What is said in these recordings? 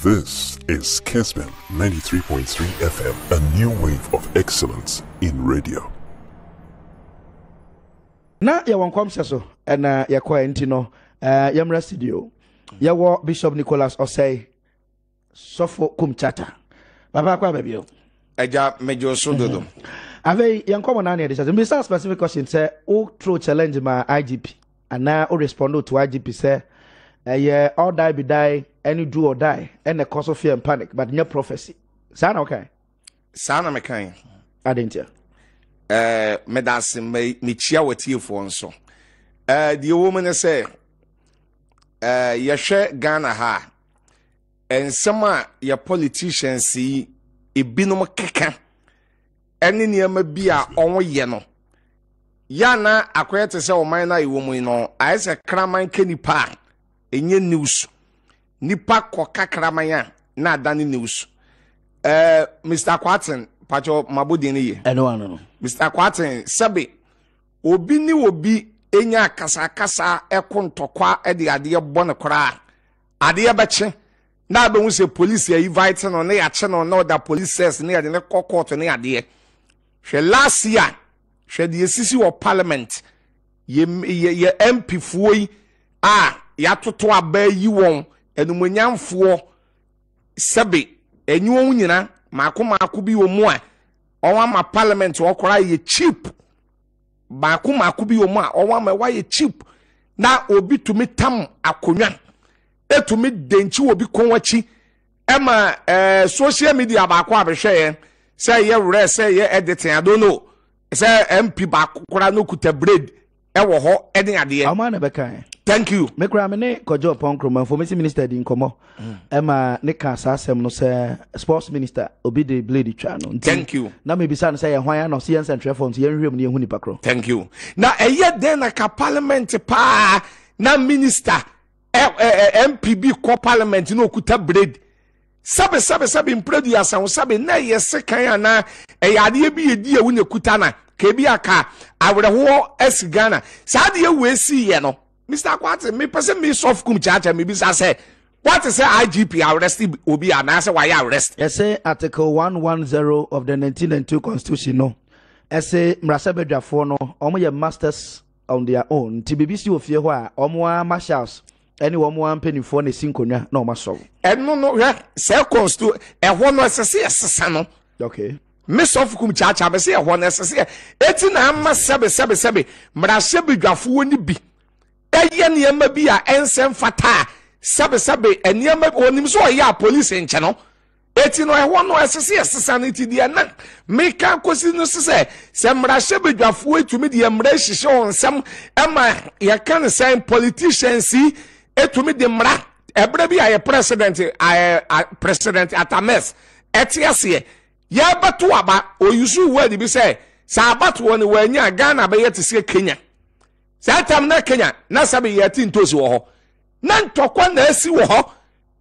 This is Kesman 93.3 FM, a new wave of excellence in radio. Na yɛwɔ nkɔmhyɛ so ɛna yɛkɔɛ nti no eh, yɛmmra studio yɛwɔ bishop nicholas Osei sɔfo kumchata Baba kwa a Eja mejo megye so dodo afei yɛnkɔmmɔ no aneɛde kyɛsɛ mbisa specific question u wotro challenge ma igp u respondu to igp sɛ ye all die be die any do or die and the cause of fear and panic, but no prophecy. Sound okay. Sound okay. I didn't hear. Uh eh, medasi me michia wetie for nso. Uh the woman say uh ganahá." Ghana ha nsɛm a yɛ politicians see ebinom keka ɛne nneɛma bi a ɔmo yana akwete se sɛ ɔman no a ɛwɔ kraman kɛ nipa news nipa kɔka kraman a na adane news ɛɛ uh, mr kwatin patro mabodin ne yɛ. ɛno ano no. mr kwatin sɛbi obi ni obi enya akasakasa ɛko ntɔkwa ɛde adeɛ bɔ ne koraa adeɛ bɛkye na abɛnwu sɛ polisi ayi vaite no ne yakye no na ɔda polisɛs ne yɛde ne kɔ kɔɔto ne adeɛ hwɛ last year hwɛ deɛ sisi wɔ parliament yɛ yɛ yɛ mp foɔ yi a yɛatoto abɛɛ yi wɔn. enumonyamfoɔ sɛbe enyiwa wɔn nyinaa mako mako bi wɔ mu a ɔwɔ ama parliament ɔkora yɛ cheap baako mako bi wɔ mu a ɔwɔ ama ɛwɔ ayɛ cheap na obi tumi tam akonnwa etumi denkyi wɔ obi kɔn akyi ɛma ɛɛ social media baako abɛhwɛ yɛn sɛ ɛyɛ rɛ sɛ ɛyɛ editing i don't know sɛ mp baako koraa no kuta braid ɛwɔ hɔ ɛne adeɛ. ɔmo anabɛka yɛn. thank you. mekura mi ne kọjọ pọnkroma information minister di nkɔmɔ mm. Emma ne ka saa asɛm no sɛ sports minister obi de blade twa thank you. na mi bisa no sɛ yɛn hwan anɔ si yɛn nsɛntwerɛ fɔ nti yɛn nhwɛ mu ni thank you na ɛyɛ den na ka parliament paa na minister MPB ɛ parliament na okuta blade sabe sabi impredu ya yasanwo sabi na yɛ se ana ɛyɛ adeɛ bi yɛ di ewu na ekuta na kebi aka awerɛhoɔ ɛsi ghana saa adeɛ wo esi yɛ no mr kwati mepɛ sɛ mesɔf kum kyeakyɛ mebisa sɛ what is IGP arrest obi and I say why arrest? Yes, say Article One One Zero of the Nineteen Two Constitution. No, I say Mrasabedra for no, omo ye masters on their own. TBBC of you are omo marshals. Any one more penny for a single na no maso. And no, no, yeah, sell constitution. And one was a sano. Okay. Miss of Kum Chacha, I say one necessary. It's an amma sabbe sabbe sabbe. Mrasabedra for any bee ɛyɛ nneɛma bi a ɛnsɛn fata a sɛbesɛbe nneɛma wɔnim sɛ ɔyɛ a polisi nkyɛn no eti no ɛhɔ no ɛsese ɛsesa no ti deɛ na meka kosi no sesɛ sɛ mmarahyɛbadwafoɔ etumi deɛ mmara hyehyɛ wɔn nsɛm ɛma yɛka no sɛn politicians yi etumi de mmara ɛbrɛ bi a yɛ president ɛɛ president atames ɛte aseɛ yɛbɛto aba oyusu word bi sɛ sɛ abatoɔ no wɔanya ghana bɛyɛ te sɛ kenya. saa tam na kenya na sabi yɛ ti ntosi wɔ hɔ na ntɔkwa na esi wɔ hɔ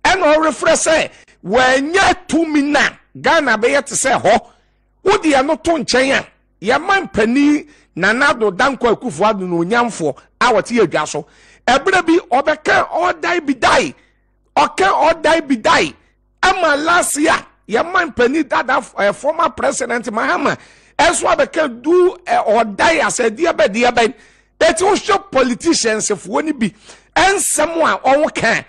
ɛna ɔrefrɛ sɛ wɔanya tumi na ghana bɛyɛ te sɛ hɔ wodi ɛno to nkyɛn a yɛma mpanin nana do danko akufo ado na onyamfoɔ a wɔte yɛ dwa so ɛberɛ bi ɔbɛka ɔdae bi dae ɔka ɔdae bi dae ama last year yɛma mpanin dada ɛɛ eh, former president mahama ɛnso abɛka du ɛɛ eh, ɔdae asɛdeɛ bɛ deɛ bɛn. eti wohwɛ politicians foɔ no bi ɛnsɛm a ɔmo kan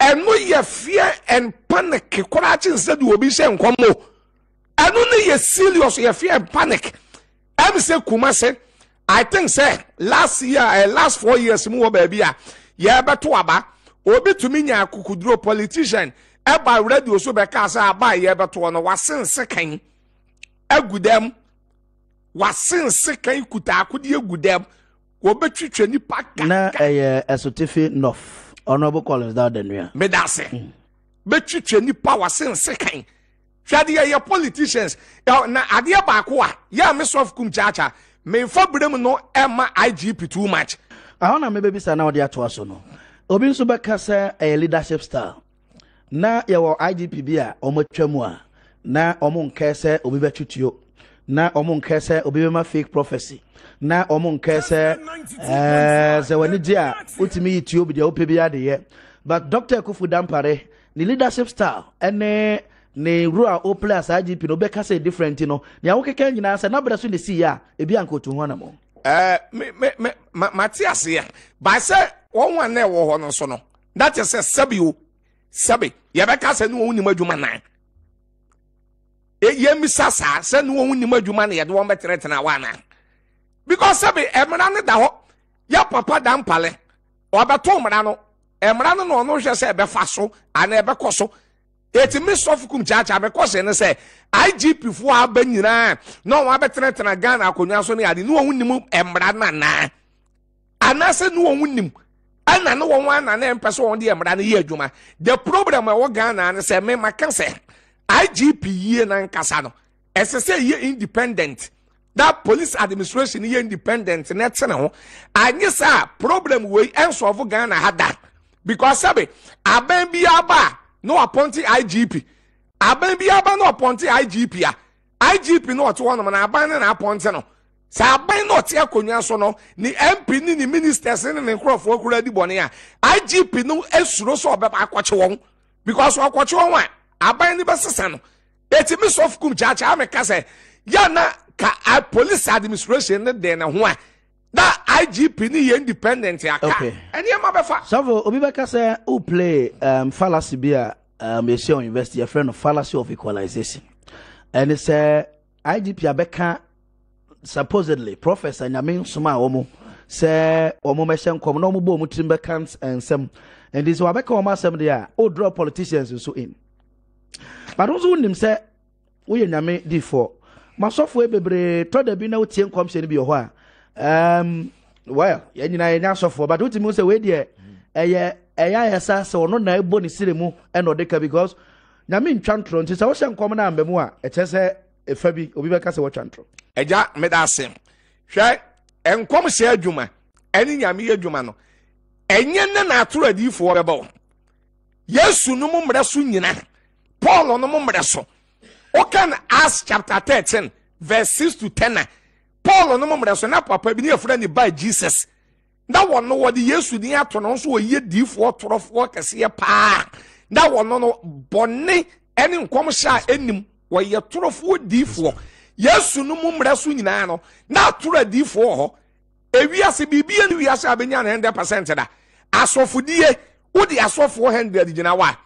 ɛno yɛ fear and panic koraa kye nsɛ de obi hyɛ nkɔm o ɛno ne yɛ serious yɛ fear and panic ɛm sɛ kuma se i think sɛ last year ɛ eh, last four years mu wɔ baabi a yɛbɛto aba obi tumi nya akukuduro politician ɛba radio so bɛka sɛ aba a yɛbɛtoɔ no wasense kan agu dɛm wasense kan kuta akodeɛ gu dɛm wɔbɛtwitwa nipa kakaka na ɛyɛ ɛsotefe nɔf honourable collins da ɔda nua. medase mm. bɛtwitwa nipa wasense kan hwɛde yɛyɛ politicians na adeɛ baako a yɛ a mesɔf kum kyaakyaa memfa berɛm no ɛma igp too much ahɔ na mebɛbisa na wɔde atoa so no obi nso bɛka sɛ ɛyɛ leadership style na yɛwɔ igp bi a ɔmatwa mu a na ɔmo nkɛ sɛ obi bɛtwitio na ɔmo nkɛ sɛ obi bɛma fake prophecy na ɔmo nkɛ sɛ ɛɛ sɛ wɔn gye a wotumi yi tie obi deɛ wopɛ bi adeyɛ but Doctor kufu dampare ne leadership style ɛne ne ru a ɔpere a saa gp no ɔbɛka sɛ different no nea wokeka nyinaa sɛ n'abɛrɛ so ne si yɛ a ebi ankoto hɔ namo. mo. ɛɛ eh, me me me ma ma te aseɛ baasɛ wɔn a na ɛwɔ hɔ no so no that is sɛ sɛbi o sɛbi yɛbɛka sɛ ne wɔn nim adwuma nan yɛmisa saa sɛ ne wɔn nim adwuma no yɛde wɔn bɛtenatena wana because sɛbi mmara no da hɔ yɛ papa da mpale ɔbɛto mmara no mmara no na ɔno hwɛ sɛ ɛbɛfa so anaa ɛbɛkɔ so etimi sɔfo kum kyaakyaa mɛkɔ sɛ ne sɛ igp foɔ aba nyinaa na wɔn abɛtenatena ghana akonnwa so ne ade ne wɔn nim mmara no anaa anaasɛ ne wɔn nim ɛna ne wɔn anaa ne mpɛ sɛ wɔn de mmara no yɛ adwuma the problem ɛwɔ ghana no sɛ mmɛma kɛsɛ igp yie nankasa no ɛsɛ sɛ yɛ independent that police administration yɛ independent na ɛtene ho anyi saa problem wei ɛnsɔfo ghana ha da because sɛbi aban bi aba na wɔapɔnte igp aban bi aba na wɔpɔnte igp a igp na ɔte hɔnom na aban no na apɔnte no sɛ aban na ɔte akonnwa so no ne mp ni ne ministers ne ne nkurɔfoɔ kura di bɔne a igp no esuro sɛ ɔbɛba akɔkye wɔn because ɔkɔkye wɔn a aban ne bɛsesa no eti mi sɔfo kum kyaakyaa mi ka sɛ yana ka a police administration ne dɛn ne ho a na igp ni yɛ independent aka ɛnneɛma bɛfa. sɔfo obi bɛka sɛ o play um, fallacy bi a um, yɛsi on university yɛfrɛ no fallacy of equalization ɛne sɛ igp abɛka supposedly professor nyame nsoma a wɔn sɛ wɔn mɛhyɛ nkɔm na wɔn bɔ wɔn tirim bɛka nsɛm ɛnti sɛ wabɛka wɔn asɛm deɛ a o draw politicians nso in. bado nso wonim sɛ woyɛ nyame difoɔ masɔfoɔ bebree tɔ da bi na wotie nkɔmhyɛ no bi wɔ hɔ a well yɛn yɛnyɛ asɔfoɔ but wotumi sɛ wei deɛ ɛyɛ ɛyɛ ayɛ sa sɛ na ɛbɔ ne mu ɛna ɔde ka because nyame ntwa ntorɔ nti sɛ wohyɛ nkɔm no amba a ɛkyɛ sɛ ɛfa bi obi bɛka sɛ wɔtwa ntorɔ agya eh, meda ase hwɛ eh, adwuma ɛne nyame yɛ adwuma no ɛnyɛ na atoro adiyifoɔ eh, bɛbɔ yesu no mu nyina paul no mmerɛ so woka no as chapter 13 verse 6 to 10 a paul no mmerɛ so na papa bi ne yɛfrɛ ne ba jesus na wɔno wɔde yesu din ato no nso wɔyɛ diifoɔ torɔfoɔ kɛseɛ paa na wɔno no bɔne ne nkɔmhyɛ a anim wɔyɛ torɔfoɔ diifoɔ yesu no mu mmerɛ so nyinaa no na atoro adiifoɔ wɔ hɔ ewiase biribiara ne wiase a bɛnya no 100 percent da asɔfodie wode asɔfoɔ hundred gyina wɔ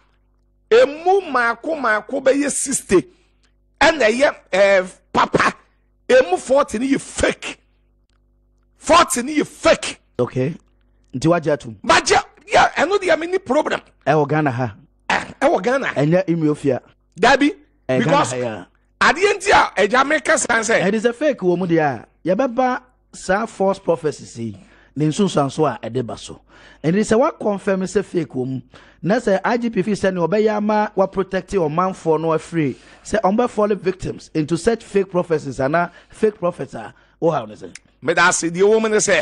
emu mako mako bɛyɛ sixty ɛna ɛyɛ ɛɛ papa emu forty ni yɛ fake forty ni yɛ fake. okay nti wagye atum. bagye yɛ ɛno deɛ mi ni problem. ɛwɔ ghana ha. ɛwɔ ghana. ɛnyɛ imiofia. dabi. ɛɛ ghana ha yɛ. adeɛ nti a ɛgya mi kasa nsɛ. ɛdi sɛ fake wɔ mu deɛ a yɛbɛba saa false prophecy. yi ne nsonsanso a ɛde ba so ɛdi sɛ wa confirm sɛ fake wɔ mu na sɛ igpp sɛnea ɔbɛyɛ ama waprotecte ɔmanfoɔ no afiri sɛ ɔmbɛfɔle victims into such fake prophecies anaa fake prophets a wohaw ne sɛ meda ase deɛ wɔ mu ne sɛ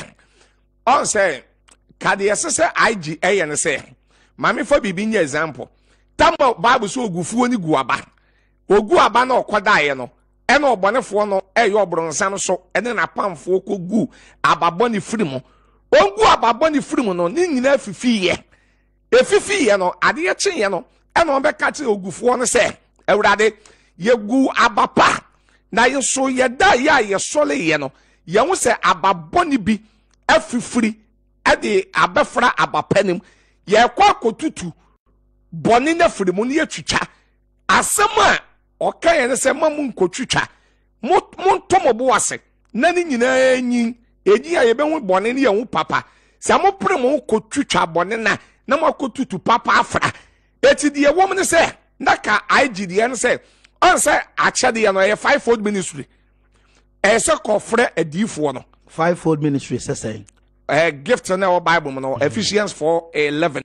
ɔn sɛ kadeɛ sɛ sɛ ig ɛyɛ ne sɛ mamefa biribi nyɛ example tam bible sɛ ogufuo no gu aba ogu aba na ɔkɔdaeɛ no ɛna ɔbɔnefoɔ no ɛyɛ ɔborɔnsa so ɛne n'apamfoɔ kɔgu ababɔ ne firi mu ɔngu ababɔ ne firi mu no ne nyinaa fifi yɛ efifiiɛ no adeɛ kyeeɛ no ɛna ɔbɛka kyerɛ ogufoɔ no sɛ awurade yɛgu aba pa na yɛso yɛda yɛ a yɛsɔleeɛ no yɛn sɛ aba bɔne bi afifiri ɛde abɛfra aba pa no mu yɛrekɔ akɔtutu bɔne no afiri mu no yɛtwitwa asɛm a ɔka yɛn sɛ ma mu nkɔtwitwa montɔ mo bo ase na ne nyinaa nyin ɛnyin a yɛbɛhu bɔne no yɛn ho papa sɛ mopere mo ho kɔtwitwa bɔne no a na mo akɔtutu papa afra eti deɛ wɔm ne sɛ na ka ig deɛ no sɛ ɔn sɛ akyɛdeɛ no ɛyɛ five fold ministry ɛyɛ sɛ kɔfrɛ adiifoɔ no five fold ministry sɛsɛn se. uh, gift na o bible mu no mhm. ephesians 4:11.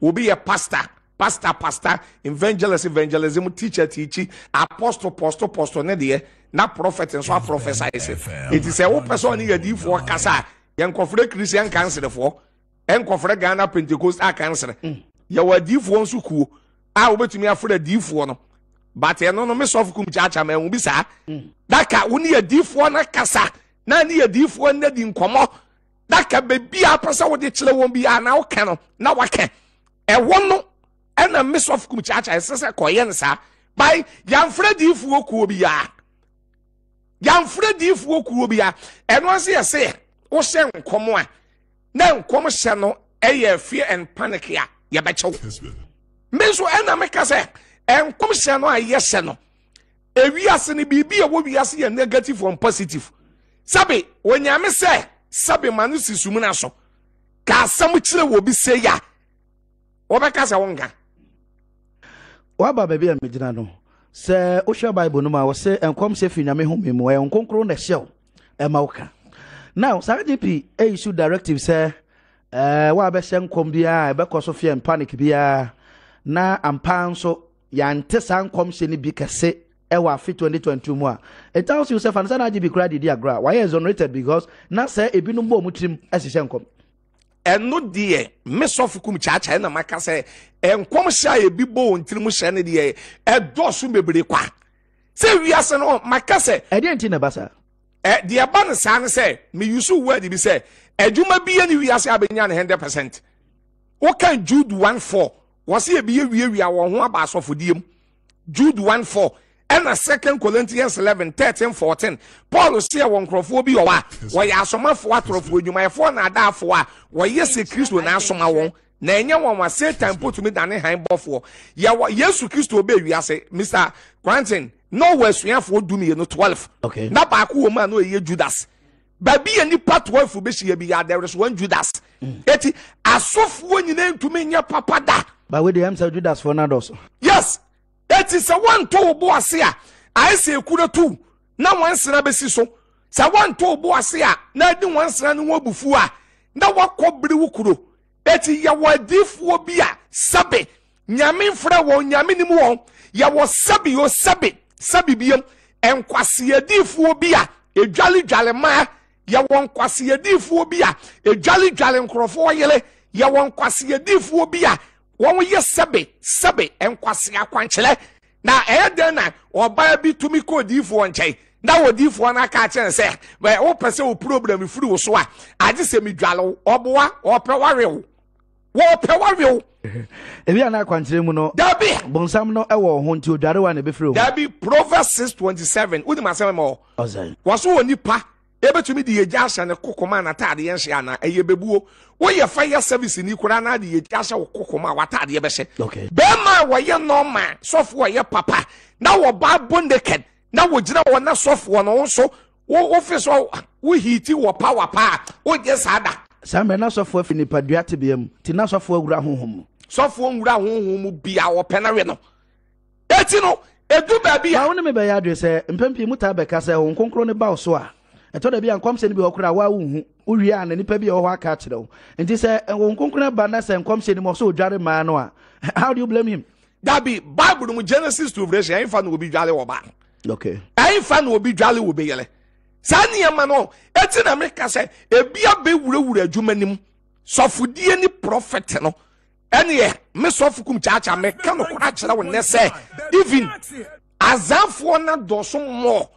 Will be a pastor pastor pastor evangelist evangelism teacher teacher apostle apostle apostle ne deɛ na prophet and a prophesy sɛ eti sɛ wo pɛ sɛ ɔne yɛ adiifoɔ kasa yɛn kɔfrɛ christian council foɔ nkɔfrɛ ghana pentecost a kansere yɛwɔ adiifoɔ nso kuo a wobɛtumi afrɛ adiifoɔ no but ɛno no mesɔfo kum kyaakya ma ɛho bi saa daka wo ne yɛdiifoɔ no kasa na ne yɛdiifoɔ no di nkɔmmɔ daka baabi a pɛ sɛ wode kyerɛ wɔn bi a na woka no na waka ɛwɔ no ɛna mesɔfo kum kyaakya ɛsɛ sɛ kɔyɛ no saa bae yɛamfrɛ diifoɔ kuo biaa yɛamfrɛ diifoɔ kuo biaa ɛno ase yɛse wohyɛ nkɔmmɔ a na nkɔm hyɛ no yɛ fear and panic a yɛbɛkyɛw me nso ɛna meka sɛ nkɔm hyɛ no a yɛhyɛ no ewiase no biribi a ɛwɔ wiase yɛ negative and positive sabi onyame sɛ sabi ma no si sumu na so ka asɛm kyerɛ wɔ bi se ya wɔbɛka sɛ wɔnka waba baabi a megyina no sɛ wohwɛ bible no mu a wɔsɛ nkɔm sɛ firi nyame home mu ɛyɛ nkonkro na ɛhyɛ ɛma wo ka now saa gp ɛyisu directive sɛ ɛɛ eh, wa abɛhyɛ nkɔm biara e ɛbɛkɔ so fia panic biara na ampa nso yante saa nkɔm hyɛ no bi kɛse ɛwɔ afe 2022 mu a it tells you sɛ fanisa na gp kura didi agorɔ a wayɛ exonerated because na sɛ ebinom bɔ ɔmo tirim ɛhyehyɛ e nkɔm. ɛno deɛ mesɔfo kum kyaakyaa e na maka sɛ nkɔm hyɛ a ebi bɔ wɔn tirim hyɛ no deɛ ɛdɔɔso bebree kwa sɛ wiase no maka sɛ. ɛdeɛ nti na ba saa ɛ deɛ ba no saa ne sɛ meyusu word bi sɛ adwuma bi yɛ ne wiase abɛnya ne hundred percent wokan jude one four wɔsi ebi yɛ wiawia wɔn ho aba asɔfodie mu jude one four ɛna second corinthians eleven thirteen fourteen paul seɛ wɔn nkurɔfoɔ bi wɔ hɔ a wɔyɛ asomafoɔ atorɔfoɔ adwumayɛfoɔ naadaafoɔ a wɔyɛ sɛ kristo n'asoma wɔn na ɛnyɛ wɔn wa time potumi dane han bɔfoɔ yɛwɔ yesu kristo bɛ wiase mr quentin n'ɔwɔ asuafoɔ du mmienu twelve na baako wɔ mu a n'oyɛ judas baabi yɛ nipa twelve bɛhyia bi yɛ there is one judas hmm. eti asɔfoɔ nyinaa ntumi nyɛ papa da. báwo de ɛm sɛ judas fɔ n'adɔsɔ. yes eti sɛ wɔntɔ wo bo ase a ayɛ sɛ ekura tu na wɔn nsira bɛsi so sɛ wɔntɔ wo bo ase a na edi wɔn nsira ne wɔn bufu a na wɔkɔ biri wo kuro eti yɛ wɔ adiifoɔ bi a sɛbi nyame nfrɛ wɔn nyame nim wɔn yɛ wɔ sɛbi yɛ sɛbi sɛbibiam nkwasiadiifoɔ bi a edwale dwale mmaa yɛwɔ nkwasiadiifoɔ bi a edwale dwale nkorɔfoɔ yele yɛwɔ nkwasiadiifoɔ bi a wɔn yɛ sɛbe sɛbe nkwasi akwankyerɛ na ɛyɛ den na ɔbaa bi tumi kɔ odiifoɔ nkyɛn na odiifoɔ no aka akyerɛ sɛ wopɛ sɛ wo problem firi wo so a agye sɛ medwale ɔboa ɔpɛ warewo wɔpɛ warew ebi a na akwankyerɛ mu no dabi bonsam no ɛwɔ ho nti odware wa na ebɛfiri o dabi proverbs six twenty seven wonim asɛm ma wɔ ɔsɛn wɔso wɔ nipa ebetumi de yegya ahyɛ ne kokoma na ataadeɛ nhyɛ ana ɛyɛ bebuo woyɛ fire service ni koraa na de yegya ahyɛ wo kokoma a wataadeɛ bɛhyɛ bɛrima a wɔyɛ nɔɔma sɔfo ɔyɛ papa na wɔba abo naked na wɔgyina wɔn na sɔfo wɔn nso wofi so wohiiti wɔ pa wɔ pa a wogye saa saa mmerɛ na asɔfoɔ afi nipadua tebea mu nti na asɔfoɔ awura honhom mu sɔfoɔ nwura honhom mu bia wɔpɛ no we no ɛti no ɛdu baabi a wone mebɛyɛ adwe sɛ mpɛn pii mutaa bɛka sɛ ho nkonkro ne bao so a ɛtɔ da bi a nkɔmhyɛ no bi hɔ koraa wonhu wowie a na nnipa bi a ɛwɔ hɔ aka akyerɛ wo nti sɛ wo eh, nkonkro ba na sɛ nkɔmhyɛ no mu ɔsɛ ɔdware mmaa no a how do you blame him dabi bible mu genesis to revelation ɛmfa na obi dwale wɔ ba okay ɛmfa na obi dwale wɔ bɛyɛlɛ saa nneɛma no ɛti na meka sɛ ebi abɛwurawura adwuma no mu sɔfodie prɔfɛt no ɛneɛ me sɔfo kum kyaakyaa meka no kora kyerɛ wo nnɛ sɛ even azaafoɔ no dɔso mmɔɔ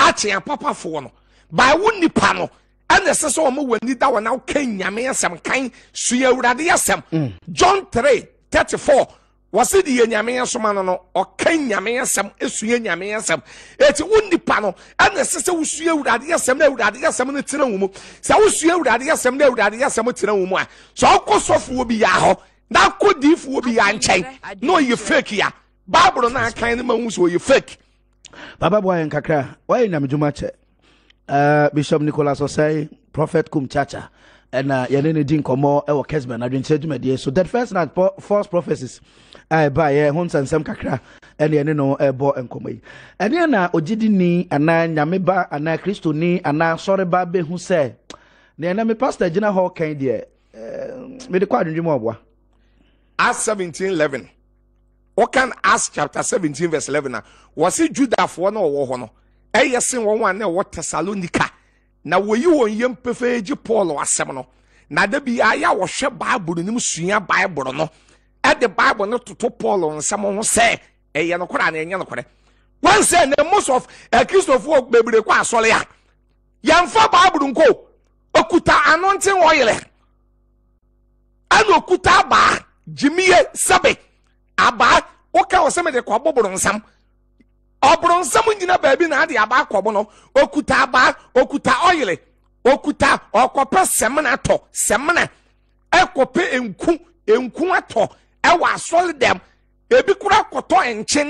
akyea papafoɔ no by nipa no ɛna ɛsɛ sɛ ɔmo wɔ ani da wɔ na woka nyame asɛm kan sua awurade mm. john three thirty four wɔsi de yɛ nyame soma no no ɔka nyame sɛm esue nyame sɛm eti wo nipa no ɛna ɛsɛ sɛ wosue awurade sɛm na awurade sɛm no tena wɔn mu sɛ wosue awurade sɛm na awurade sɛm tena wɔn mu a sɛ ɔkɔ sɔfo bi yɛ ahɔ na akɔ diifo wɔ bi yɛ ankyɛn na ɔyɛ fake ya baabolo na akan ne ma hu sɛ ɔyɛ fake. baba bɔ ayɛ nkakra wɔyɛ nyamedwuma kyɛ ɛɛ bishop nicholas ɔsɛɛ prophet kum chacha. ɛna yɛne no di nkɔmmɔ wɔ kesman adwenkyerɛ dwumadie so that first night false prophecies a ɛbaeɛ ho nsɛnsɛm kakra ɛne yɛne no ɛbɔ nkɔmmɔ yi ɛneɛ na ogyedini anaa nyame ba anaa kristoni anaa sɔre ba bɛhu sɛ neɛ na me pastor gyina hɔ kan deɛ mede kɔ adwendwe mu ɔboa Acts 17 11 wɔkan Acts chapter 17 verse 11 a wɔse judafoɔ no wɔwɔ hɔ no ɛyɛ sen wɔn a na ɛwɔ Thessalonica na woyi wɔn yam pefee gye paul asɛm no na de bi ayɛ a wɔhwɛ bible no nim sua bible no ɛde bible no toto paul nsɛm ho sɛ ɛyɛ nokorɛ a na ɛnyɛ nokorɛ wɔn sɛ na most of akristofoɔ bebree kɔ asɔre a yɛmfa bible nko okuta anɔnten ɔyere ɛna okuta abaa gyimie sɛbe abaa woka wɔ sɛ mede kɔ abɔboro nsam ọ bụrụ nsọm nyina beebi na adị agba akọbụ nọ okuta agba okuta ọyịlị okuta ọkọpe semina tọ semina ekọpe nku nku atọ ɛwɔ asɔli dɛm ebi kura kɔtɔ nkyɛn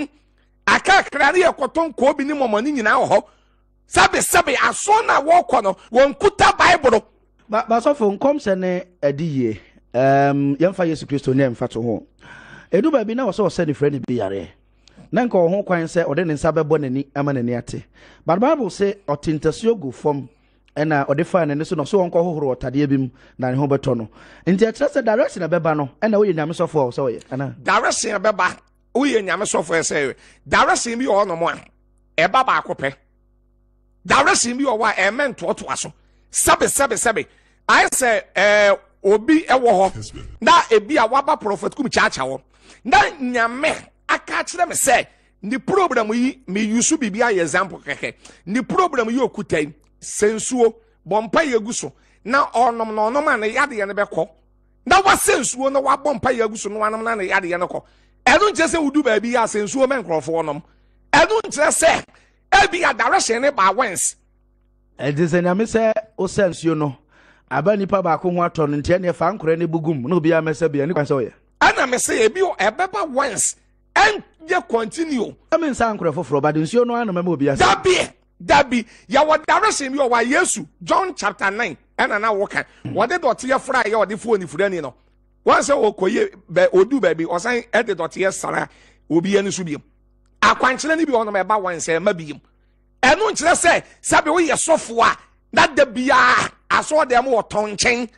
akakra ne yɛ kɔtɔ nko bi ne mɔmɔ ne nyinaa wɔ hɔ sabi sabi asɔn na wɔkɔ no wɔn kuta baibulu. ba basɔfo nkɔm sɛ ne ɛdi yie ɛɛm yɛn fa yesu kristo ne yɛn fa to ho edu baabi na wɔsɛ wɔsɛ ne fira ne bi yare. na nka ɔho kwan sɛ ɔde ne nsa bɛbɔ n'ani ama n'ani ate but bible sɛ ɔte gu fam ɛna ɔde faa n'ani na ɔso wɔn kɔhohoro ɔtadeɛ bi mu na ne ho bɛtɔ no nti ɛkyerɛ sɛ direction a no ɛna nyame a ɔyɛ ana direction direction bi a ɛba baako pɛ direction bi na ebi a waba aka kyerɛ me sɛ ne program yi meyusu biribi ayɛ example kɛkɛ ne program yi okuta yi sɛ nsuo bɔmpa yɛ gu so na ɔnom na ɔnom a ne yadeɛ no bɛkɔ na wasɛ nsuo na wabɔ mpa yɛ gu so na wanom na ne yadeɛ no kɔ ɛno nkyerɛ sɛ wodu baabi yɛ asɛ nsuo mɛ nkurɔfoɔ nom ɛno nkyerɛ sɛ ebi yɛ direction ne baa ɛdi sɛ nyame sɛ wosɛ nsuo no aba nipa baako ho atɔ no ntiɛ neɛ fa nkora ne bu na obiara mɛsɛ bia ne kwa sɛ ɔyɛ ɛna mesɛ ebi ɛbɛba wɛns ɛnyɛ kɔntiniu. ɛmi nsa nkorɛ foforɔ ba de nsuo no anam ɛmɛ obi ase. dabi dabi yàwɔ direction bi ɔwɔ yesu john chapter nine ɛna na wɔka wɔde dɔteɛ fura yɛ ɔde fo onifurani no wɔn eh, sɛ ɔkɔyɛ bɛ odu baabi ɔsan ɛde dɔteɛ sara obi yɛ ne so biem akwankyerɛ ni bi wɔn ɛba wɔn nsɛn ɛma biem ɛnu nkyerɛ sɛ sabi woyɛ sɔfo a na dabiya asɔɔdɛm wɔ tɔn nkyɛn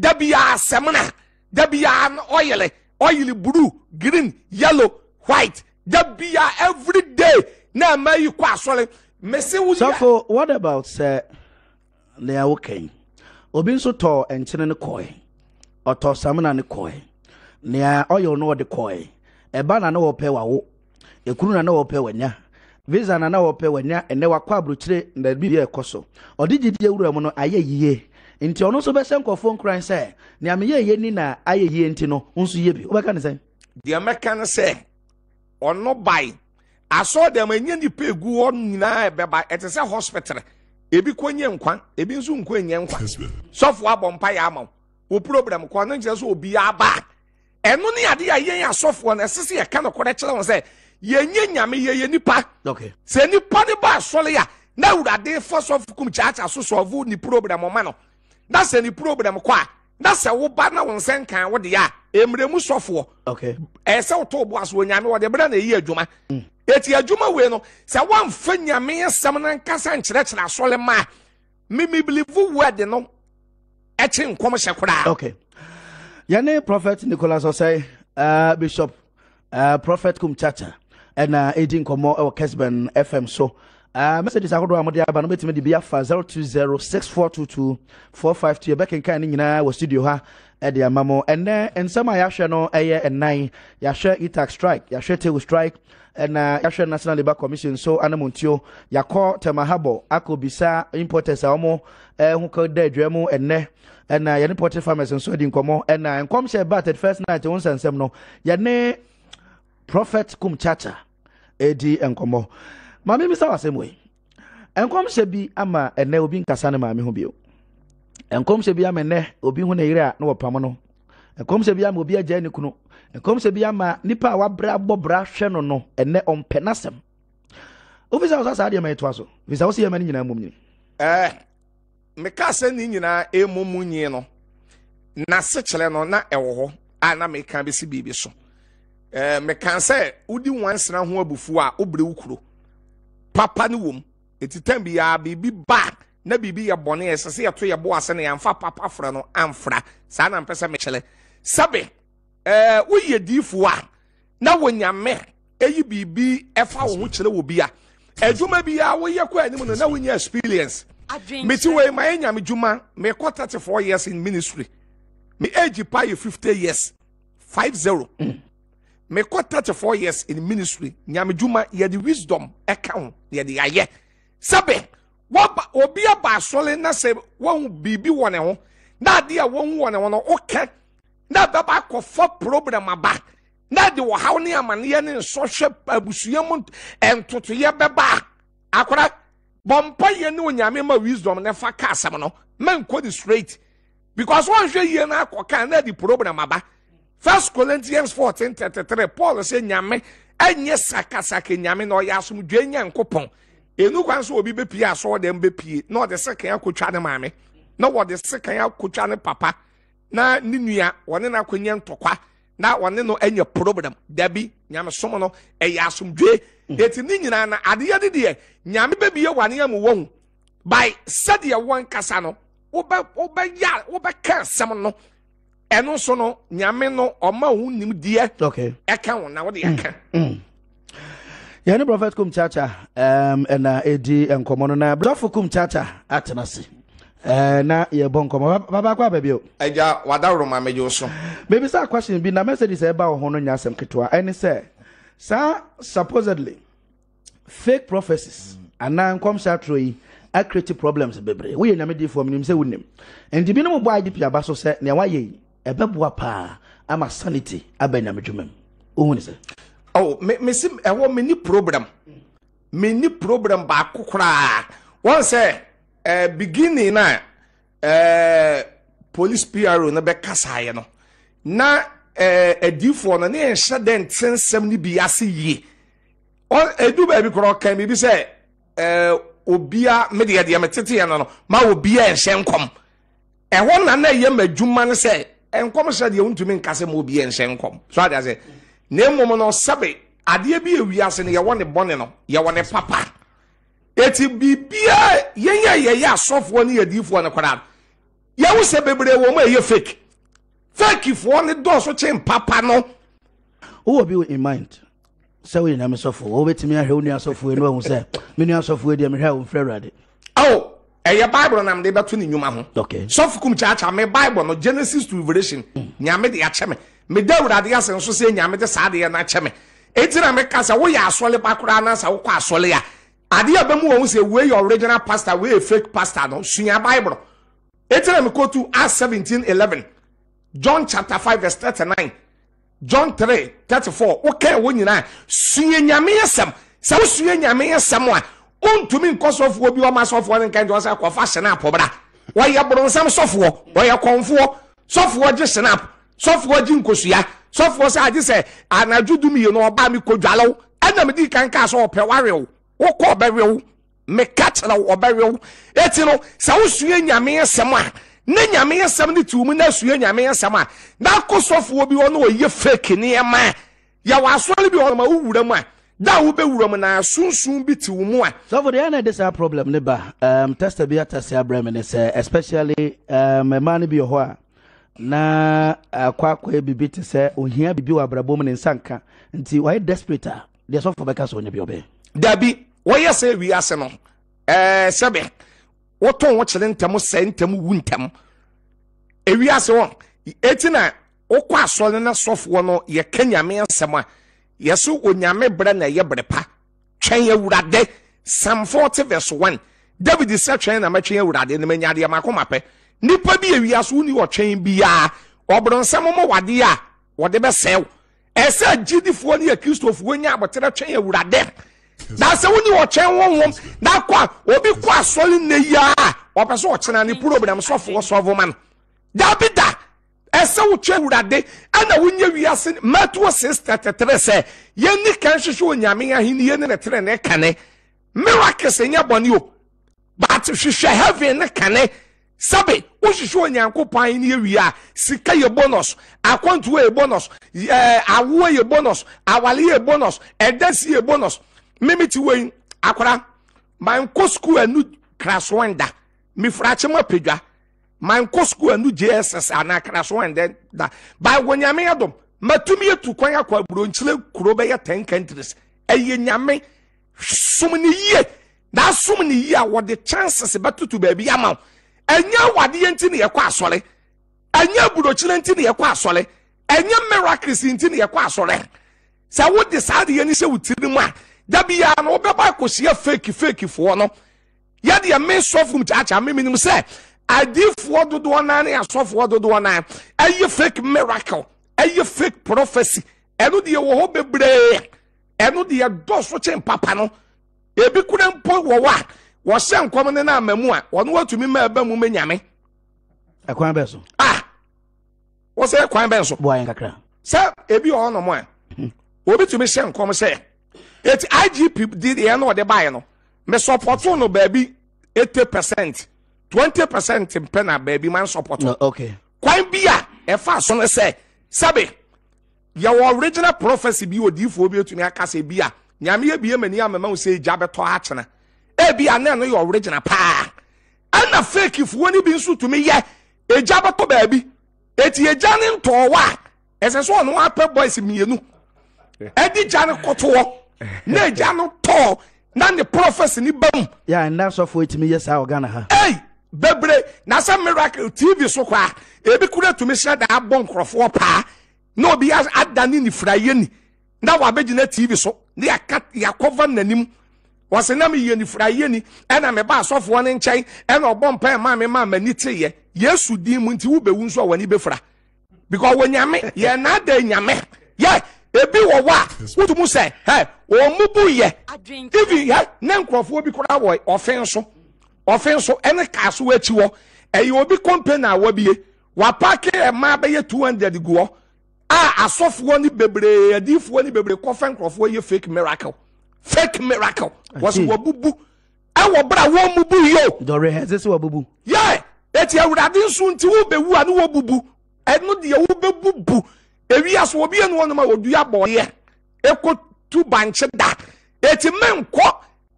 dabiya asɛmuna dabiya ɔyɛlɛ ɔyɛlɛ blue green yellow. white da bia every day na ɛma yi kɔ asɔre wu what about sɛ nea wokɛn obi nso tɔ nkyene ne samina ne kɔɛ oyo ɔyɛ ɔno ɔde na ne wɔpɛ wawo ekuru na ne wɔpɛ wanya visa na na wɔpɛ wanya ɛnɛ wakɔ aburukyire na bibi ɛkɔ so ɔde gyidie wura mu no ayɛ nti yie ni na nti no nso bi ne ɔno bae asɔɔdɛm enye nipa egu hɔ nyinaa ɛbɛba ɛte sɛ hospital ebi kɔ nye nkwa ebi nso nkɔ nye nkwa sɔfo abɔ mpa yɛ ama wo wo program kɔ ne nkyɛn sɛ obi aba ɛno ne ade a yɛn asɔfo no ɛsɛ sɛ yɛka no kɔrɛ kyerɛ wɔn sɛ yɛnye nyame yɛyɛ nipa sɛ nipa ne ba asɔre a na awurade fa sɔfo kum kyaakyaa so sɔfo ni program ma no na sɛ ne program kɔ a na sɛ wo na wɔn nsɛn kan wo a emiremu sɔfoɔ ɛsɛ wo to bo aso onyame wɔde bere na eyi adwuma eti adwuma wei no sɛ wɔnfa nyame nsɛm na nkasa nkyerɛkyerɛ asɔle ma mimibilivu word no ɛkyi nkɔm hyɛ koraa. yɛne prophet nicholas ɔsɛ uh, eh, bishop uh, prophet kumchacha ɛna ɛdi nkɔmmɔ ɛwɔ kesben fm so Uh, ah, messages ahodoɔ a mode aba no mɛtumi de bi afa 0206422 452 ɛbɛkenkan no nyinaa wɔ studio ha ɛde ama mo ɛnɛ nsɛm a yɛahwɛ no ɛyɛ ɛnan yɛahwɛ etax strike yɛahwɛ table strike ɛna yɛahwɛ national labour commission so anamontuo yɛakɔ tɛmahabo akɔbisa importers a ɔmo ɛho ka da adwa mu ɛnɛ ɛna yɛne pote farmers nso adi nkɔmmɔ ɛna nkɔmhyɛ ba 31 night wo nsɛnsɛm no yɛne prophet kumchacha ɛdi nkɔmmɔ maame bi sa wasɛm wei nkɔmhyɛ bi ama ɛnɛ obi nkasa ne maame ho bio nkɔmhyɛ bi ama ɛnɛ obi ho ne yere a na wɔpam no nkɔmhyɛ bi ama obi agyae ne kunu nkɔmhyɛ bi ama nipa a wabere abɔ bra hwɛ no no ɛnɛ ɔmpɛ n'asɛm ofisa wosa saa deɛ ma yɛtoa so ofisa wosi yɛma no nyinaa mmom nyini ɛɛ eh, meka sɛ ne nyinaa ɛmu mu nyi no n'ase kyerɛ no na ɛwɔ hɔ a na meka bɛsi biribi so ɛɛ eh, meka sɛ wodi wansena ho abufuo a wobere wo papa no wom eti tam biara biribi ba na bibi yɛ bɔne ɛsɛ sɛ yɛto yɛ bo ase na yɛmfa papa frɛ no amfra saa na mpɛ sɛ mekyerɛ sɛbe ɛɛ eh, woyɛ diifoɔ a na wɔnyame eyi biribi ɛfa wo ho kyerɛ wɔ bi a adwuma biara woyɛ kɔ anim no na wonya experience meti wei ma yɛ nyame dwuma mekɔ thirty four years in ministry me age pa ye fifty years five zero. Mm mekɔ 34 years in ministry nyamedwuma yɛde wisdom ɛka ho yɛde ayɛ sɛbe waba obi aba asɔre na sɛ wahu biribi wɔ ne ho na adeɛ a wahu wɔ ne ho no woka na bɛba akɔfa program aba na de wɔhaw ne amanneɛ ne nsɔhwɛ abusua mu ntotoyɛ bɛba akora bɔmpa yɛ ne onyame ma wisdom ne fa ka asɛm no mankɔ de straight because wɔnhwɛ yie no akɔka na de program aba first corinthians fourteen thirty three paul sɛ nyame saka sakasaka nyame na ɔyɛ asomdwe nya nkopɔn enu kwan so obi bepie aso ɔdɛm bepie na ɔde sekan akotwa ne maame na wɔde sekan akotwa ne papa na ne nua wɔne na akɔnya ntɔkwa na wɔne no anya problem dabi nyamesom no ɛyɛ asomdwe mm. eti ne nyinaa na adeɛ de deɛ nyame bɛbie wane amu wɔn by sɛdeɛ wɔn kasa no wobɛ wobɛyɛ wobɛka asɛm no ɛno nso no nyame no ɔma wo nim deɛ ɛka wo na wode ɛka yɛne prophet kum chacha um, ɛna ɛdi nkɔmmɔ no na dɔfo kum chacha atena ase uh, na yɛbɔ nkɔmmɔ babaakɔ aba bio agya wada woroma megye wo so mebisa question bi na message sɛ ɛba wo ho no nya asɛm ketewa ɛne sɛ saa supposedly fake prophecies mm. anaa nkɔmhyɛ atorɔ yi acreate problems bebree woyɛ nyame difoɔ menim sɛ wonim nti binom bɔ idp aba so sɛ nea wayɛ yi ɛbɛboa paa ama sanity aba nyame dwuma mu wohu ne sɛ oh, mesi ɛwɔ menni program menni program baako koraa wɔn sɛ eh, beginning na eh, police pro no bɛkasaeɛ no na adiifoɔ eh, no ne yɛnhyɛ dɛ ntensɛm no bi ase yie ɛdu baabi korɔ ɔkan biribi sɛ eh, obia medeɛ deɛ meteteɛ no no ma obia nhyɛ nkɔm ɛhɔ na na ɛyɛ ma adwuma no sɛ nkɔm hyɛ deɛ wontumi nkasɛ ma obiɛ nhyɛ nkɔm so ade ase na mmom no sɛbe adeɛ bi ewiase no yɛwɔ ne bɔne no yɛwɔ ne papa eti biribia yɛnyɛ yɛyɛ asɔfoɔ ne yɛdiifoɔ no koraa yɛwo sɛ bebree wɔ mu a ɛyɛ fake fakefoɔ ne dɔɔso kye papa no wowɔ bi in mind sɛ woyɛ nyame sɔfoɔ wɔwobɛtumi ahwɛ wo nua sɔfoɔ yi ne wahu sɛ me nua sɔfoɔ yi deɛ mehwɛ a wɔmfrɛ awurade ao ɛyɛ bible nam de bɛto ne nnwuma ho sɔfo kum kyaakyaa me bible no genesis to revelation nyame de akyɛ me meda awurade ase nso sɛ nyame de saa adeɛ no akyɛ me ɛti na meka sɛ woyɛ asɔle ba koraa na sɛ wokɔ asɔle a adeɛ a bɛmu wɔ ho sɛ wei yɛ original pastor wei yɛ fake pastor no sua bible ɛti na mekɔtu a 1711 john chapter 5 verse 39 john 3 34 wokɛɛ wɔ nyinaa sua nyame asɛm sɛ wosua nyame asɛm a wontumi nkɔ sɔfoɔ bi wɔma sɔfoɔ ne nka nti wɔsɛ kɔfa snap bra wɔyɛ boronsam sɔfoɔ wɔyɛ kɔnfoɔ sɔfoɔ gye snap sɔfoɔ gye nkosua sɔfoɔ sɛ agye sɛ anadwo dum yie no ɔbaa mi kodwalew ɛna medi kan kaa sɛ ɔpɛ warew wokɔ ɔbɛrew meka kyerɛ wo ɔbɛrew no sɛ wosue nyame sɛm a ne nyame sɛm ne tiw mu na asue nyame sɛm a na akɔ sɔfoɔ bi hɔ na ɔyɛ fake nneɛma yɛwɔ asɔre bi hɔ ma wowura mu a da wo bɛ wura mu na sunsun bi ti wo a. sɔfo de yɛn na problem ne ba um, testa uh, um, uh, bi ata se mi ne sɛ especially mmaa um, no bi hɔ a na akɔ akɔyɛ bibi te sɛ ohia bibi wɔ abrabɔ mu ne nti wɔayɛ desperate a ah, deɛ sɔfo bɛka sɛ ɔnyɛ bi ɔbɛ. dabi wɔyɛ sɛ wi ase no ɛɛ eh, sɛbi wɔtɔn wɔ kyerɛ ntɛm sɛ ntɛm wu ntɛm ewi ase wɔ eti na wɔkɔ asɔre na sɔfo no yɛ kɛ nyame nsɛm a yɛso onyame berɛ na ɛyɛ berɛ pa twɛn awurade psalm 40 verse one david sɛ twɛn na mɛtwɛn awurade na mɛnya adeɛ mako mapɛ nipa bi ewia so wuni ɔtwɛn biara ɔbɛrɛ nsɛm mo wadeɛ a wɔde bɛsɛw ɛsɛ agyidifoɔ ne akristofoɔ nya abɔtɛrɛ twɛn awurade na sɛ wuni ɔtwɛn wɔnwɔm na kɔ a obi kɔ asɔre ne yia a ɔpɛ so ɔkyerɛ ne program sɔfoɔ sɔfo ma no dabida ɛsɛ wotwe awurade ɛna wonye wiase matuo six thirty three sɛ yɛni kan hwehwɛ onyame ahenni yɛne ne tere ne kane miracles nyɛ bɔne o but hwehwɛ heaven ne kane sabe wohwehwɛ onyankopɔn ahenni awie a sika yɛ bonus akwantuo yɛ bonus ɛɛ awoɔ yɛ bonus awale yɛ bonus ɛdansi yɛ bonus mimiti wei akora manko school anu krasoɔ nda mifrakye mu apagya mankɔ school anu jss anakra so and then da baigo nyame adom matumi etu kwa akɔ aburonkyire kuro bɛyɛ ten countries ɛyɛ nyame som ne yie na som ne yie a wɔde chances bɛtutu baabi ama wo ɛnyɛ awadeɛ nti ne yɛkɔ asɔre ɛnyɛ aburonkyire nti ne yɛkɔ asɔre ɛnyɛ miracles nti ne yɛkɔ asɔre sɛ wode saa adeɛ ni sɛ wo a dabi ya no wobɛba akɔsia fake fake foɔ no yɛdeɛ me sɔfo cha kyaakyaa me menim sɛ adiifoɔ dodoɔ nan ne asɔfoɔ dodoɔ nan ɛyɛ fake miracle ɛyɛ fake prophecy ɛno deɛ wɔ hɔ bebree ɛno deɛ dɔɔso kyɛn papa no ebi kura mpo wɔ hɔ a wɔhyɛ nkɔm ne na ama mu a wɔn watumi mma ɛbɛn mu menyame. ɛkwan bɛ so. a wɔsɛ ɛkwan bɛ so. buwa yɛn kakra. sɛ ebi wɔ hɔnom a obi tumi hyɛ nkɔm sɛ eti igp di deɛ ɛna ɔde baayɛ no mɛ sɔpɔtɔ no baabi eighty percent twenty percent mpɛ na baabi man support no, okay. kwan bi a ɛfa so no sɛ sɛbe yɛwɔ original prophecy bi odiifoɔ bi etumi aka sɛ bi a nyame ebie mani amema wo sɛ egya bɛtɔ akyena ebi a nan no yɛ original paa ɛna fakifoɔ ni bi nso tumi yɛ egya bɛtɔ baabi eti egya ne ntɔɔwa a ɛsɛ sɛ ɔno apɛ boys mmienu ɛdi gya ne kɔtoɔ na egya no tɔɔ na ne prophecy ni bam. yà á nà sɔfo etimi yɛ saa ɔgá na ha. Hey! bebree na sɛ miracle tv so kɔ a ebi kura tumi hyɛ da abɔ nkorɔfoɔ paa na obi ada ne nifirayɛ ni na wabɛgyina tv so ne yaka yakɔva n'anim wɔsi nam yie nifirayɛ ni ɛna meba asɔfoɔ ne nkyɛn ɛna ɔbɔ mpae maa mi maa m'ani te yɛ yesu di mu nti wubɛwu nso a wɔn ani bɛfira because wɔ nyame yɛ n'ada nyame yɛ ebi wɔ wa wotu mu sɛ hɛ wɔn mu bu yɛ ivi hɛ ne nkorɔfoɔ bi koraa wɔ ɔfɛn so ɔfe nso ɛne kaa so akyi wɔ ɛyɛ obi company a wabie wapaake ɛmaa bɛyɛ two hundred gu hɔ a asɔfoɔ ne bebree adiifoɔ ne bebree kɔfɛ nkurɔfoɔ yɛ fake miracle fake miracle wɔsi wɔbubu ɛwɔ bere a wɔn mu bu yio. dɔre hɛsɛ sɛ wɔbubu. yɛ eti awurade nso nti wo bɛ wu a ne wo bubu ɛnu deɛ wo bɛ bubu ewia so obi enu wɔn ma odua bɔɔdeɛ ekotu bankye da eti mɛ nkɔ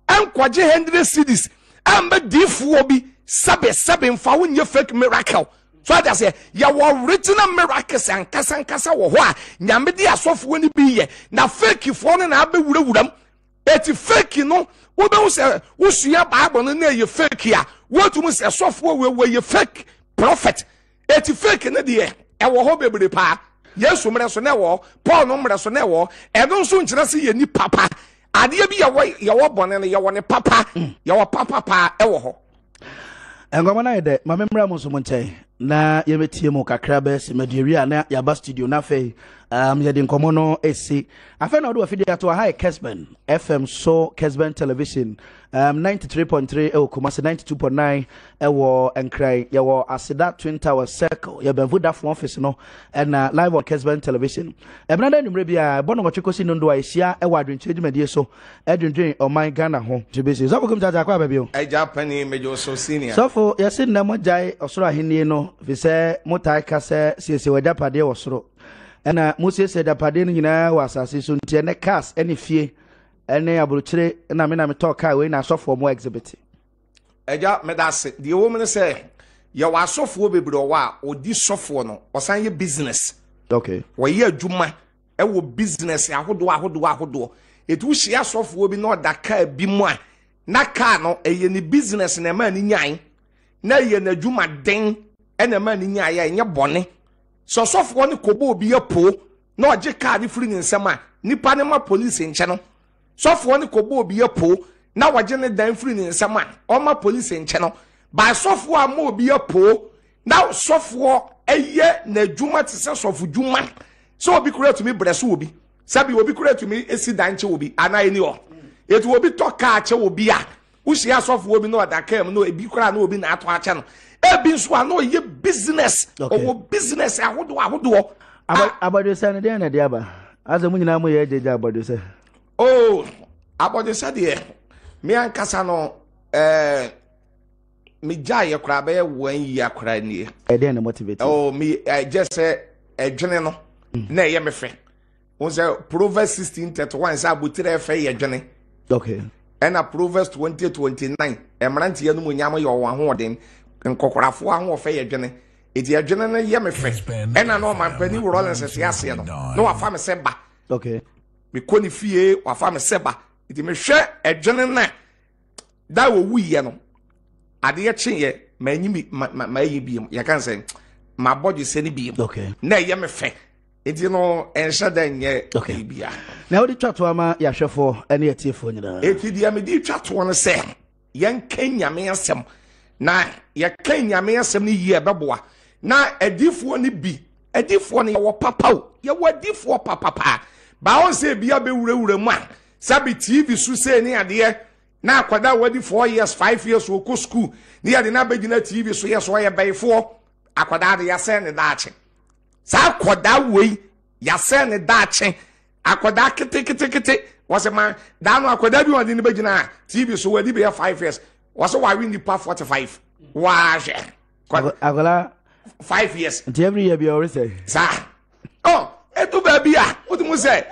ɛnkɔgye hundred cities ɛmbɛ diifoɔ bi sɛbe sɛbe nfa wo nyɛ fake miracle so adi aseɛ yɛwɔ original miracles ankasa ankasa wɔ hɔ a nyame de asɔfoɔ ni bi yɛ na fakefoɔ no na abɛwurawura mu eti fake no wobɛhu sɛ wosua baabɔ no na ɛyɛ fake a wotum sɛ sɔfoɔ wewe yɛ fake prophet eti fake no deɛ ɛwɔ e hɔ bebree paa yesu mmerɛ so na ɛwɔ paul no mmerɛ so na ɛwɔ ɛno e nso nkyerɛ sɛ yɛ nipa paa adeɛ bi yɛwɔ yɛwɔ bɔne no yɛwɔ ne papa mm. yɛwɔ papapaa ɛwɔ hɔ nkɔmɔ no ayɛ dɛ ma memmra mo so mo nkyɛn na yɛbɛtie mu kakra bɛyɛ sɛ a na yɛaba studio no afei um, yɛde nkɔmmɔ no ɛsi afei na wode wafidi ato ha yɛ kesben fm so kesben television um, 93.3 ɛwɔ koma sɛ 92.9 ɛwɔ nkran yɛwɔ aseda twin tower circle yɛbɛmfo dafo office no ɛna live on kesben television ɛbena da anwummerɛ bi a ɛbɔ nɔwɔtwe kɔsi no ndo a ɛhyia ɛwɔ adwenkyerɛ dwumadie so ɛdwendwen ɔman ghana ho tbɛsi sɔfo kom gyagya kɔ a baabio agya pani mɛgye wo so senior sɔfo yɛse nnɛ mɔgyae ɔsoro ahennie no no firi sɛ siesie wɔ wɔ soro ɛna no nyinaa wɔ asase so nti ɛne cars ɛne fie ɛne na na na asɔfoɔ exhibit deɛ mu no sɛ yɛwɔ asɔfoɔ bebree ɔwɔ a ɔdi sɔfoɔ no ɔsan yɛ business wɔyɛ adwuma ɛwɔ business ahodoɔ ahodoɔ ahodoɔ etu hyia asɔfoɔ bi na ɔda kaa bi mu a na kaa no ɛyɛ ne business na ɛna ɛma ne nyaayɛ ɛnyɛ bɔne sɛ ɔsɔfoɔ ne kɔbɔ obi yɛ po na ɔgye kaa ne firi ne nsam a nipa ne ma polisi nkyɛn no sɔfoɔ ne kɔbɔ obi yɛ po na wɔgye ne dan firi ne nsam a ɔma polisi nkyɛn no baasɔfoɔ a ma obi yɛ po na sɔfoɔ ɛyɛ n'adwuma te sɛ sɔfodwuma sɛ obi kura tumi brɛ so obi sɛbi obi kura tumi esi dan kyɛ obi anaa ɛni hɔ etu obi tɔ kaa kyɛ obi a wohyia asɔfoɔ bi na ɔda kaa mu na ebi koraa na obi na ato akyɛ no ebi nso a na ɔyɛ business ɔwɔ business ahodoɔ ahodoɔ. abadwesa ah. no deɛ na ɛde aba asɛ mu nyinaa mu yɛ gyegye abadwesa. oo oh, abadwesa deɛ me no ɛɛ eh, me gya yɛ koraa bɛyɛ wɔn yi akoraa nie. ɛdeɛ na motivate. oo oh, mi ɛgye eh, sɛ ɛdwene no mm. na ɛyɛ me fɛ n sɛ proverbs sixteen thirty one sɛ abotire ɛfɛ yɛ dwene. okay ɛna proverbs twenty twenty nine mmeranteɛ no mu nyama yɛ ɔwɔ ahoɔden nkɔkorafoɔ ahoɔfɛ yɛ dwene eti adwene no yɛ me fɛ ɛna na ɔman panin wurɔ ne aseɛ no na wafa me sɛ ba mekɔ ne fie wafa me sɛ ba eti mehwɛ adwene na da wowu yɛ no adeɛ kyeeɛ ma enyi mi ma ma ma eyi biem yɛ ka nsɛn ma bɔ dwesɛ biem na ɛyɛ me fɛ eti no ɛnhyɛ dɛ nyɛ biribia na wode twa ma yɛahwɛfoɔ ne atiefoɔ nyinaa ɛti deɛ mede twa no sɛ yɛnka nyame asɛm na yɛka nyame asɛm no yie ɛbɛboa na adifoɔ no bi adifoɔ no yɛwɔ papa yɛwɔ adifoɔ papapaa baa sɛ bia bɛwurawura mu a sabi tv so sei ne adeɛ na akwadaa a wadi four years five years wɔkɔ school ne yɛde no abɛgyina tv so yɛ so ɔyɛ bɛyifoɔ akwadaa de yɛsɛn ne daakye saa akwadaa wei yasɛ ne daakye akwadaa ketekete wɔsɛ ma daa no akwadaa bi wɔde ne bɛgyina a tv so wɔde bɛyɛ five years wɔsɛ wɔawe nipa forty five wɔahwɛ akwadaa five years nti every year bi ɔre sɛ saa ɔ etu baabi a wotum sɛ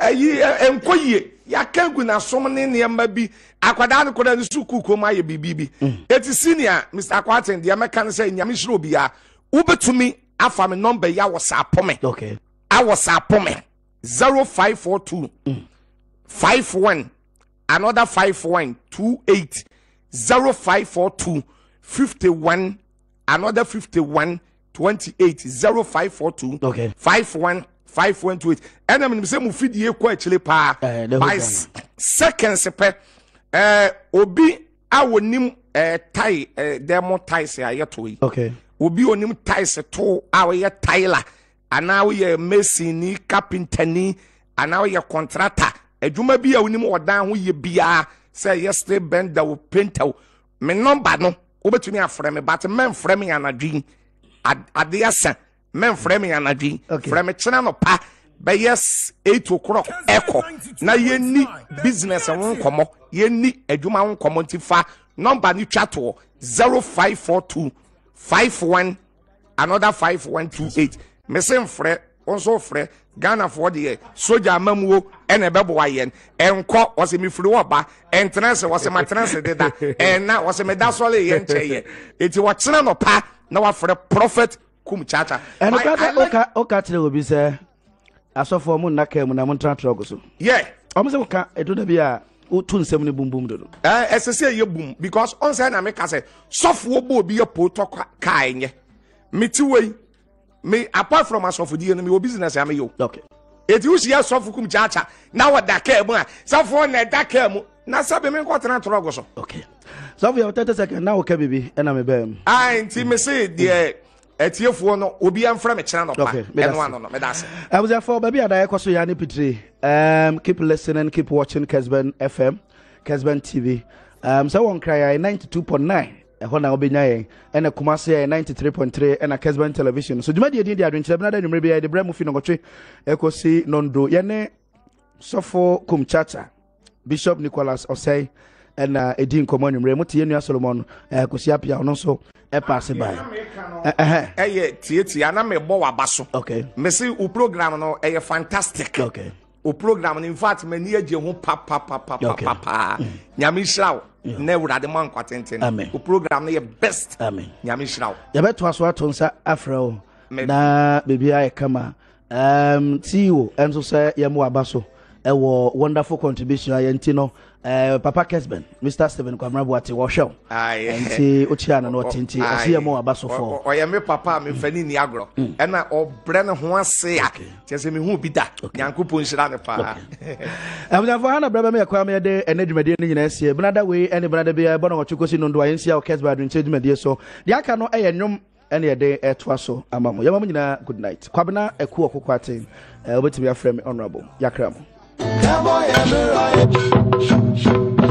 ayi nkɔ yie yaka gu n'asom ne nneɛma bi akwadaa no koraa ne sukuu kurom ayɛ biribi bi mm. eti senior mr akwaten deɛ mɛka no sɛ nyame soro obiara wobɛtumi afa me number yi awɔ saa pɔmɛ okay. awɔ saa pɔmɛ zero five four two mm. five one another five one two eight zero five four two fifty one another fifty one twenty eight zero five four two five one five one two eight ɛna mi sɛ mo fidie kɔ akyire paa eh, by seconds pɛ ɛɛ eh, obi a wɔnim ɛɛ eh, tai ɛɛ dɛmo tai sɛ ayɛ to yi. Okay obi onim tiles to a wɔyɛ tailor anaa ni. masoni kapintani anaa woyɛ kɔntrata adwuma bi a wonim ɔdan ho yɛ biara sɛ yesterday stay bender wo painter wo me nɔmba no wobɛtumi afrɛ me but mɛmfrɛ me anadwen adeɛ asa mɛmfrɛ me anadwen frɛ me kyena no pa bɛyɛ eight o'clock ɛkɔ na yɛnni business ho nkɔmmɔ yɛnni adwuma ho nkɔmmɔ nti fa Number ni twa toɔ zero five four two five one another five one two eight mesin frɛ nso frɛ ghana foɔ deɛ soja amamuo ɛna ɛbɛbɔ ayɛ ɛnkɔ wɔsɛ mifiri wɔba ɛntenase wɔsɛ matenase deda ɛna wɔsɛ meda sɔle yɛ nkyɛn yɛ eti wɔkyerɛ no pa na wafrɛ prophet kum chacha. oka kata ɔka ɔka kyerɛ obi sɛ asɔfoɔ mu nna kɛmu na mu ntra trɔg so. Yeah. ɔmu sɛ ko ka edu dabi a wotu nsɛm no bumbum do no ɛsɛ sɛ ɛyɛ bum because ɔnsɛ na meka sɛ sɔfoɔ bɔ obi yɛ poo tɔ kae nyɛ mete wei me apart from asɔfodie no mewɔ business a meyɛ o ɛti wohyia sɔfo kum kyaakya na wɔda kaa mu a sɔfoɔ na ɛda kaa mu na sɛbe me nkɔtena torɔgo so sɔfo yɛ wo 30 second na woka biribi ɛna mebɛɛ mu nti mese deɛ mm ɛtiefoɔ no obiara mfrɛ me kyerɛ nɔpa ɛno ano no meda ase abusuafoɔ baabi ada yɛkɔ so yɛ ane pitire um, keep listening keep watching kesben fm kesben tv um, sɛ wɔ nkra yɛ 92.9 ɛhɔ na wobɛnya yɛn ɛna kuma se yɛ 93.3 ɛna kesben television so dwumadeɛ din de adwenkyerɛ bena da nwummerɛ biaa yɛde berɛ mu fi nɔkɔtwe ɛkɔsi nondo yɛne sɔfo kumchacha bishop nicholas ɔsɛe ɛna ɛdi nkɔmmɔ anwummerɛ mote yɛnnua solomon ɛkɔsi apia ɔno nso ɛpaase ba yi. ɛyɛ tietie anam ɛbɔ waba so. okay mesi o program no ɛyɛ fantastic. okay o program no in fact mɛ ni yɛ gye ho papapapapapa nyame hyira o na awurade ma nkwa tenten o program no yɛ best nyame hyira o. yɛbɛto aso ato nsa afrɛ o na beebi ayɛ kama um, ceo nso sɛ yɛn mo waba so ɛwɔ wonderful contribution a yɛn ti no. Uh, papa kesben mr stephen kwamra buate wɔhwɛ nti wokyia no na ɔte nti ɔse yɛ ma waba sofoɔ ɔyɛ me papa a memfani mm. ni agorɔ ɛna mm. ɔbrɛ ne ho ase a kyɛ sɛ mehu bi da nyankopɔn nhyira ne paa eh, amunyamfoɔ ha na brɛ bɛ meyɛ kwa meyɛde ɛne dwumadie no nyinaa sie benada wei ɛne benada bia ɛbɔ na wɔtwe kɔsi no ndoa yɛnsia wɔ kesba adwenkyerɛ dwumadie so deɛ aka no ɛyɛ eh, nnwom ɛne yɛde ɛtoa so ama mo yɛma mo nyinaa good night kwabena ɛku ɔkokɔ aten wobɛtumi afrɛ me honorable yɛakra mo Cowboy and the riot.